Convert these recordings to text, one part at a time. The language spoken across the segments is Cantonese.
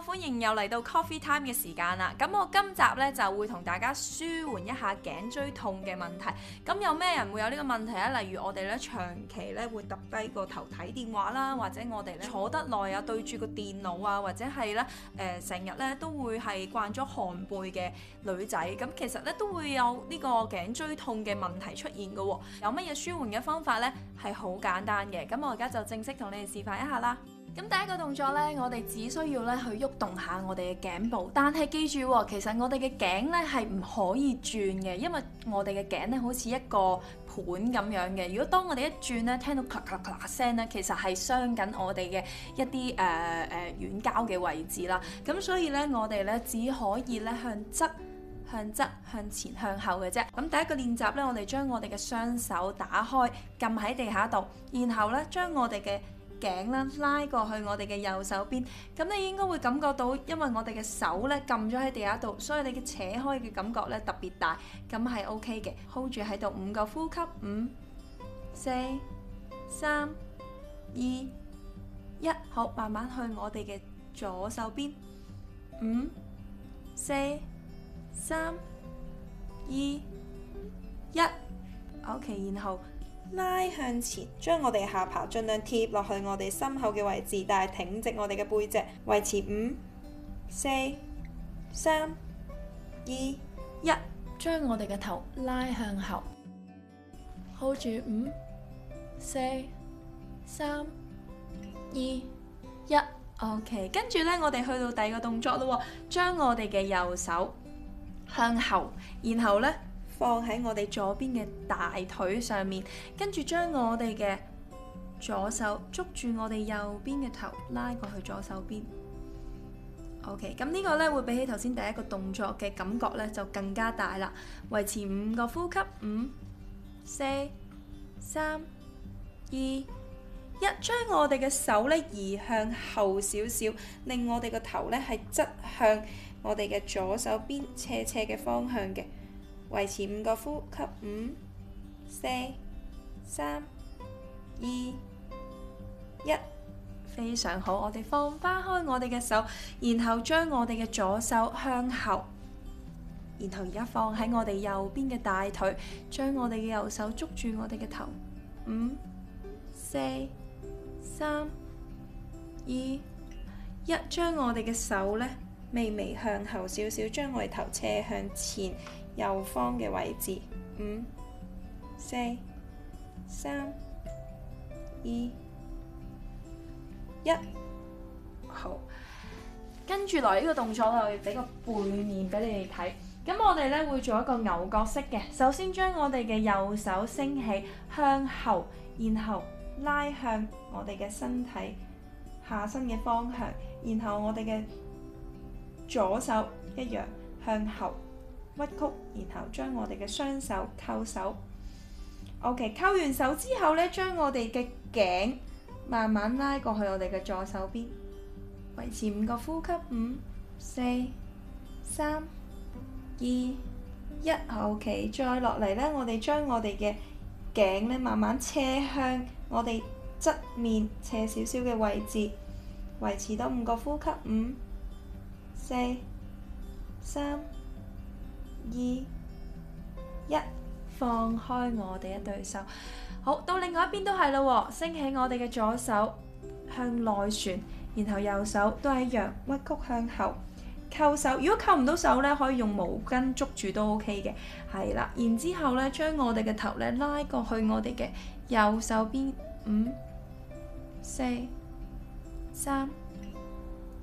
歡迎又嚟到 Coffee Time 嘅時間啦！咁我今集呢，就會同大家舒緩一下頸椎痛嘅問題。咁有咩人會有呢個問題呢？例如我哋呢，長期呢會揼低個頭睇電話啦，或者我哋呢坐得耐啊，對住個電腦啊，或者係呢誒呃，成日呢都會係慣咗寒背嘅女仔。咁其實呢，都會有呢個頸椎痛嘅問題出現㗎喎。有乜嘢舒緩嘅方法呢？係好簡單嘅。咁我而家就正式同你哋示範一下啦。咁第一個動作呢，我哋只需要咧去喐動，動下我哋嘅頸部，但係記住喎、哦，其實我哋嘅頸呢係唔可以轉嘅，因為我哋嘅頸呢好似一個盤咁樣嘅。如果當我哋一轉呢，聽到咔咔咔聲呢，其實係傷緊我哋嘅一啲誒誒軟膠嘅位置啦。咁所以呢，我哋呢只可以呢向側向側向前向後嘅啫。咁第一個練習呢，我哋將我哋嘅雙手打開，撳喺地下度，然後呢，將我哋嘅頸啦，拉過去我哋嘅右手邊，咁你應該會感覺到，因為我哋嘅手呢撳咗喺地下度，所以你嘅扯開嘅感覺呢特別大，咁係 OK 嘅，hold 住喺度五個呼吸，五、四、三、二、一，好，慢慢去我哋嘅左手邊，五、四、三、二、一，OK，然後。拉向前，將我哋下巴盡量貼落去我哋心口嘅位置，但係挺直我哋嘅背脊，維持五、四、三、二、一，將我哋嘅頭拉向後，hold 住五、四、三、二、一，OK，跟住呢，我哋去到第二個動作咯，將我哋嘅右手向後，然後呢。放喺我哋左邊嘅大腿上面，跟住將我哋嘅左手捉住我哋右邊嘅頭，拉過去左手邊。OK，咁呢個呢會比起頭先第一個動作嘅感覺呢就更加大啦。維持五個呼吸，五、四、三、二、一，將我哋嘅手呢移向後少少，令我哋個頭呢係側向我哋嘅左手邊斜斜嘅方向嘅。維持五個呼吸，五、四、三、二、一，非常好。我哋放翻開我哋嘅手，然後將我哋嘅左手向後，然後而家放喺我哋右邊嘅大腿，將我哋嘅右手捉住我哋嘅頭，五、四、三、二、一，將我哋嘅手呢微微向後少少，將我哋頭斜向前。右方嘅位置，五、四、三、二、一，好。跟住來呢個動作我要俾個背面俾你哋睇。咁我哋呢會做一個牛角式嘅。首先將我哋嘅右手升起，向後，然後拉向我哋嘅身體下身嘅方向，然後我哋嘅左手一樣向後，屈曲，然後將我哋嘅雙手扣手。O.K. 扣完手之後咧，將我哋嘅頸慢慢拉過去我哋嘅左手邊，維持五個呼吸，五、四、三、二、一，好 O.K. 再落嚟咧，我哋將我哋嘅頸咧，慢慢斜向我哋側面斜少少嘅位置，維持到五個呼吸，五、四、三。二一，放開我哋一對手，好，到另外一邊都係咯，哦，升起我哋嘅左手向內旋，然後右手都係一樣屈曲向後扣手。如果扣唔到手咧，可以用毛巾捉住都 OK 嘅。係啦，然之後咧，將我哋嘅頭咧拉過去我哋嘅右手邊，五、四、三、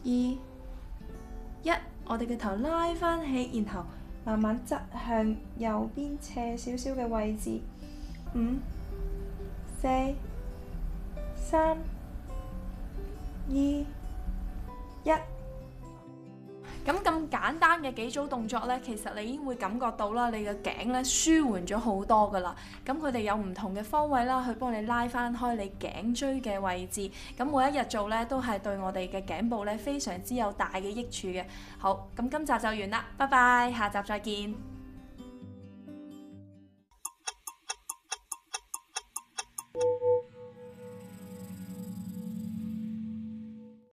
二、一，我哋嘅頭拉翻起，然後。慢慢側向右邊斜少少嘅位置，五、四、三、二、一。咁咁簡單嘅幾組動作呢，其實你已經會感覺到啦，你嘅頸呢舒緩咗好多噶啦。咁佢哋有唔同嘅方位啦，去幫你拉翻開你頸椎嘅位置。咁每一日做呢，都係對我哋嘅頸部呢非常之有大嘅益處嘅。好，咁今集就完啦，拜拜，下集再見。